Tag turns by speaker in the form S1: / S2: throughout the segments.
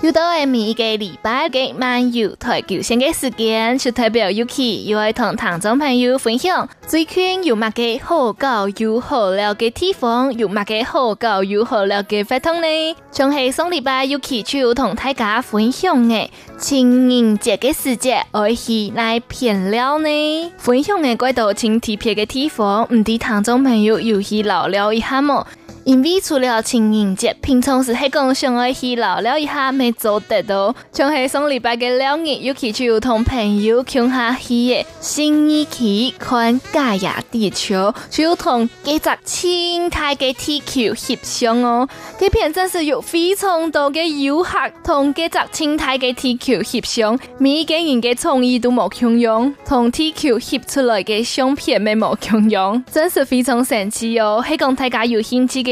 S1: 又到誒，每個禮拜個慢遊台九線嘅時間，就代表 Yuki，有 u 又要同聽眾朋友分享最近有咩嘅好搞又好聊嘅地方，有咩嘅好搞又好聊嘅活動呢？從下送禮拜有 u 就要同大家分享誒清明節嘅時間而是來片聊呢。分享誒，幾道，請提撇嘅地方，唔知聽眾朋友有去老了一下冇？因為除了情人節，平常時黑公熊愛去老聊一下，咪做得到。像是上禮拜的兩日，又去就同朋友窮下戲嘅，新一期看蓋亞地球，就同幾只千台的地球翕相哦。嗰片真是有非常多嘅遊客同幾只千台的地球翕相，每一個人的創意都冇重樣，同地球翕出來的相片也冇重樣，真是非常神奇哦！希望大家有興趣嘅。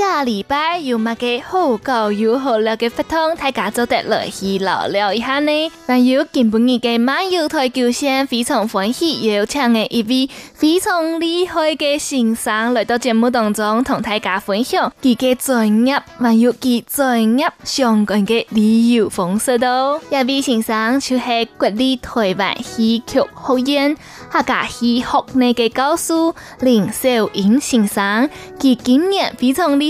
S1: 下禮拜有乜嘅好搞又好聊的法樂嘅活動，大家坐定嚟去聊聊一下呢。還有前不久嘅慢遊台九線非常歡喜邀請嘅一位非常厲害嘅先生來到節目當中同大家分享佢嘅專業，還有佢專業相關嘅旅遊方式咯。一位先生就是國立台灣戲曲學院客家戲學內嘅教授林曉英先生，佢今年非常厲。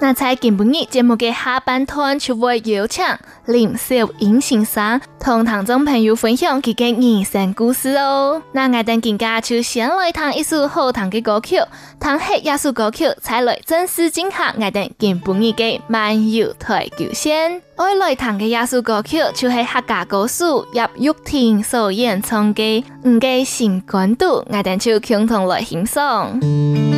S1: 那才更不二，節目嘅下半段就會有請林曉英先生同聽眾朋友分享一個人生故事哦。那我等更加就先來談一首好聽的歌曲，彈係亞首歌曲，才來正式進行，我等金不二嘅慢遊台九線。我來談的亞素歌曲就是客家歌手葉玉婷所演唱嘅《唔計心肝肚》，我等就共同來欣賞。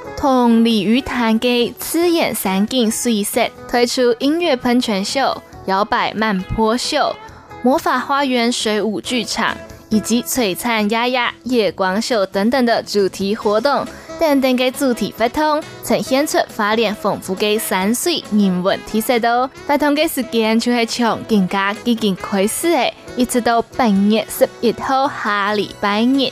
S1: 同鯉魚潭嘅刺眼山景水色，推出音樂噴泉秀、搖擺慢坡秀、魔法花園水舞劇場以及璀璨丫丫夜光秀等等的主題活動，等等嘅主題活動呈現出花蓮豐富嘅山水人文特色咯、哦。活動嘅時間就係從而家幾點開始，一直到八月十一號下禮拜日。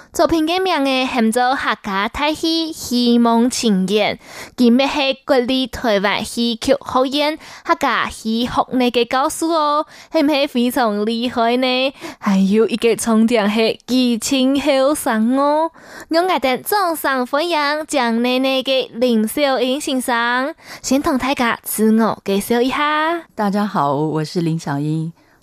S1: 作品嘅名嘅係唔係客家大戲《戲夢情緣》，今咪係國立台灣戲曲學院客家戲曲內的高手哦，係唔係非常厲害呢？還有一個重點是劇情好爽哦！我愛等掌聲歡迎蔣奶奶的林曉英先生，先同大家自我介紹一下。大家好，我是林曉英。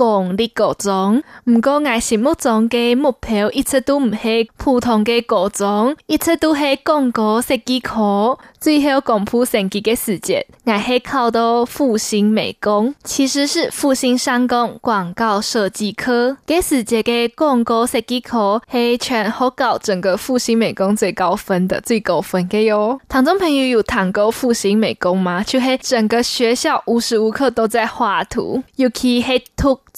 S1: 公立高中，不過我心目中嘅目標一直都唔係普通嘅高中，一直都係廣告設計科，最後公布成績嘅時節，我係考到復興美工，其實是復興商工廣告設計科，嘅時節嘅廣告設計科係全學校，整個復興美工最高分的最高分嘅喲。唐中朋友有談過復興美工嗎？就係整個學校無時無刻都在畫圖，尤其係圖。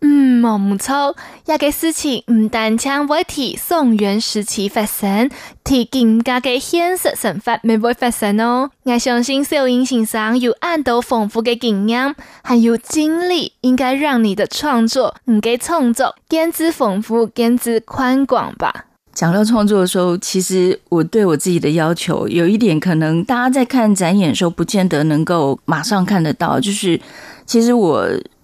S1: 嗯，冇錯。要個事情唔單止，不會提宋元時期發生，提更家嘅現實生活咪會發生咯、哦。我相信曉英先生有暗度豐富的經驗，還有經歷，應該讓你的創作唔該創作，天資豐富，天資寬廣吧。
S2: 講到創作的時候，其實我對我自己的要求有一點，可能大家在看展演的時候不見得能夠馬上看得到，就是其實我。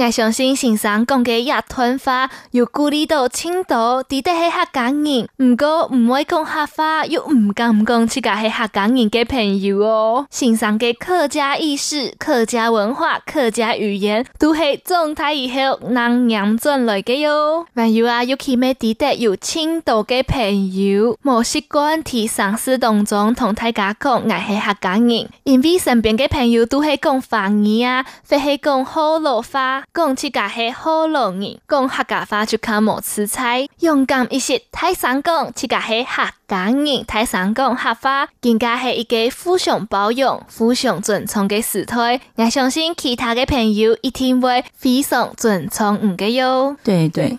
S1: 我相信先生講嘅這段話，有鼓勵到青島記得係客家人，唔過唔會講客家話，又唔敢唔講自家係客家人嘅朋友哦。先生嘅客家意識、客家文化、客家語言，都係長大以後慢慢轉來嘅喲、哦。朋友啊，尤其，記得有青島嘅朋友，冇習慣提喪事當中同大家講，我係客家人，因為身邊嘅朋友都係講方言啊，或係講河洛話。講自個係好老人，講客家話就看無辭采，勇敢一些。台上講自個係客家語，台上講客家，更加係一個互相包容、互相尊重嘅時代。我相信其他嘅朋友一定會非常尊重唔嘅喲。對對。嗯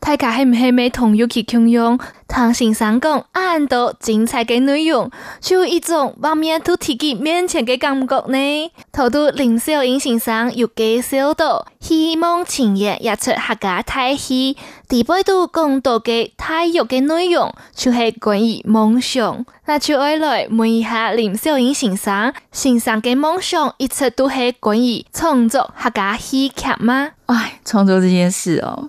S1: 大家係唔係每趟有其內容，唐先生講安多精彩嘅內容，就一種畫面都貼近面前的感覺呢。頭都林曉英先生有幾少到，希望前日也出客家台戲。第二度講到嘅台劇嘅內容，就係關於夢想。那就以來問一下林曉英先生，先生嘅夢想，一切都係關於創作客家戲劇嗎？
S2: 哎，創作這件事哦。